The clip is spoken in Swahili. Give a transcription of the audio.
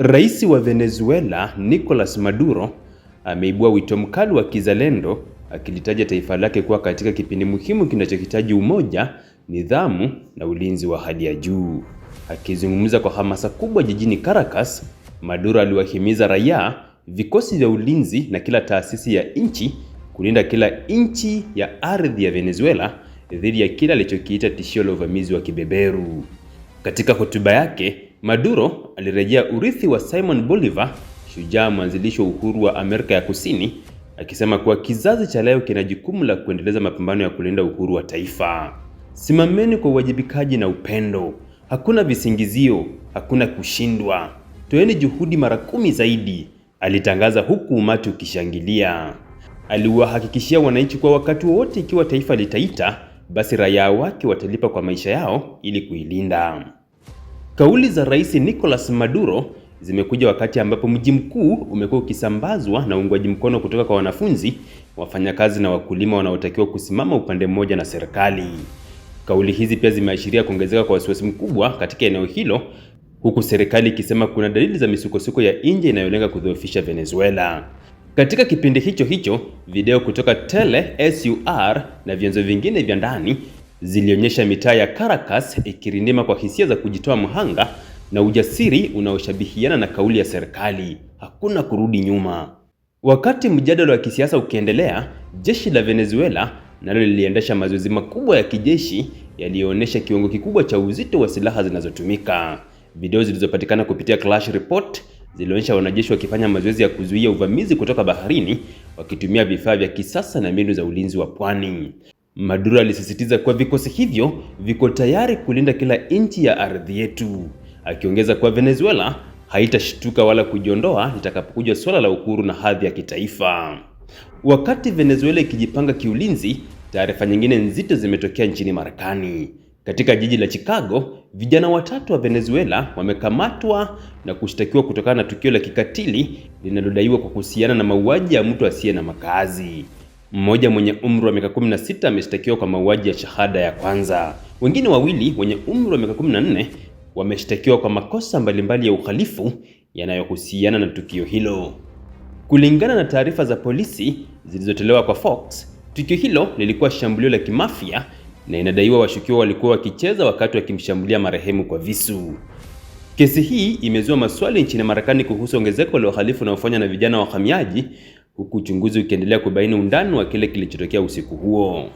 Rais wa Venezuela Nicolas Maduro ameibua wito mkali wa kizalendo akilitaja taifa lake kuwa katika kipindi muhimu kinachohitaji umoja, nidhamu na ulinzi wa hali ya juu. Akizungumza kwa hamasa kubwa jijini Caracas, Maduro aliwahimiza raia, vikosi vya ulinzi na kila taasisi ya nchi kulinda kila inchi ya ardhi ya Venezuela dhidi ya kile alichokiita tishio la uvamizi wa kibeberu. Katika hotuba yake Maduro alirejea urithi wa Simon Bolivar, shujaa mwanzilishi wa uhuru wa Amerika ya Kusini, akisema kuwa kizazi cha leo kina jukumu la kuendeleza mapambano ya kulinda uhuru wa taifa. Simameni kwa uwajibikaji na upendo. Hakuna visingizio, hakuna kushindwa. Toeni juhudi mara kumi zaidi, alitangaza huku umati ukishangilia. Aliwahakikishia wananchi kuwa wakati wowote ikiwa taifa litaita, basi raia wake watalipa kwa maisha yao ili kuilinda. Kauli za Rais Nicolas Maduro zimekuja wakati ambapo mji mkuu umekuwa ukisambazwa na uungwaji mkono kutoka kwa wanafunzi, wafanyakazi na wakulima wanaotakiwa kusimama upande mmoja na serikali. Kauli hizi pia zimeashiria kuongezeka kwa wasiwasi mkubwa katika eneo hilo, huku serikali ikisema kuna dalili za misukosuko ya nje inayolenga kudhoofisha Venezuela. Katika kipindi hicho hicho, video kutoka Tele SUR na vyanzo vingine vya ndani zilionyesha mitaa ya Caracas ikirindima kwa hisia za kujitoa mhanga na ujasiri unaoshabihiana na kauli ya serikali, hakuna kurudi nyuma. Wakati mjadala wa kisiasa ukiendelea, jeshi la Venezuela nalo liliendesha mazoezi makubwa ya kijeshi yaliyoonyesha kiwango kikubwa cha uzito wa silaha zinazotumika. Video zilizopatikana kupitia Clash Report zilionyesha wanajeshi wakifanya mazoezi ya kuzuia uvamizi kutoka baharini wakitumia vifaa vya kisasa na mbinu za ulinzi wa pwani. Maduro alisisitiza kuwa vikosi hivyo viko tayari kulinda kila inchi ya ardhi yetu, akiongeza kuwa Venezuela haitashtuka wala kujiondoa litakapokuja suala la uhuru na hadhi ya kitaifa. Wakati Venezuela ikijipanga kiulinzi, taarifa nyingine nzito zimetokea nchini Marekani. Katika jiji la Chicago, vijana watatu wa Venezuela wamekamatwa na kushtakiwa kutokana na tukio la kikatili linalodaiwa kwa kuhusiana na mauaji ya mtu asiye na makazi. Mmoja mwenye umri wa miaka 16 ameshtakiwa kwa mauaji ya shahada ya kwanza. Wengine wawili wenye umri wa miaka 14 wameshtakiwa kwa makosa mbalimbali ya uhalifu yanayohusiana na tukio hilo. Kulingana na taarifa za polisi zilizotolewa kwa Fox, tukio hilo lilikuwa shambulio la kimafia na inadaiwa washukiwa walikuwa wakicheza wakati wakimshambulia marehemu kwa visu. Kesi hii imezua maswali nchini Marekani kuhusu ongezeko la uhalifu unaofanywa na vijana wahamiaji huku uchunguzi ukiendelea kubaini undani wa kile kilichotokea usiku huo.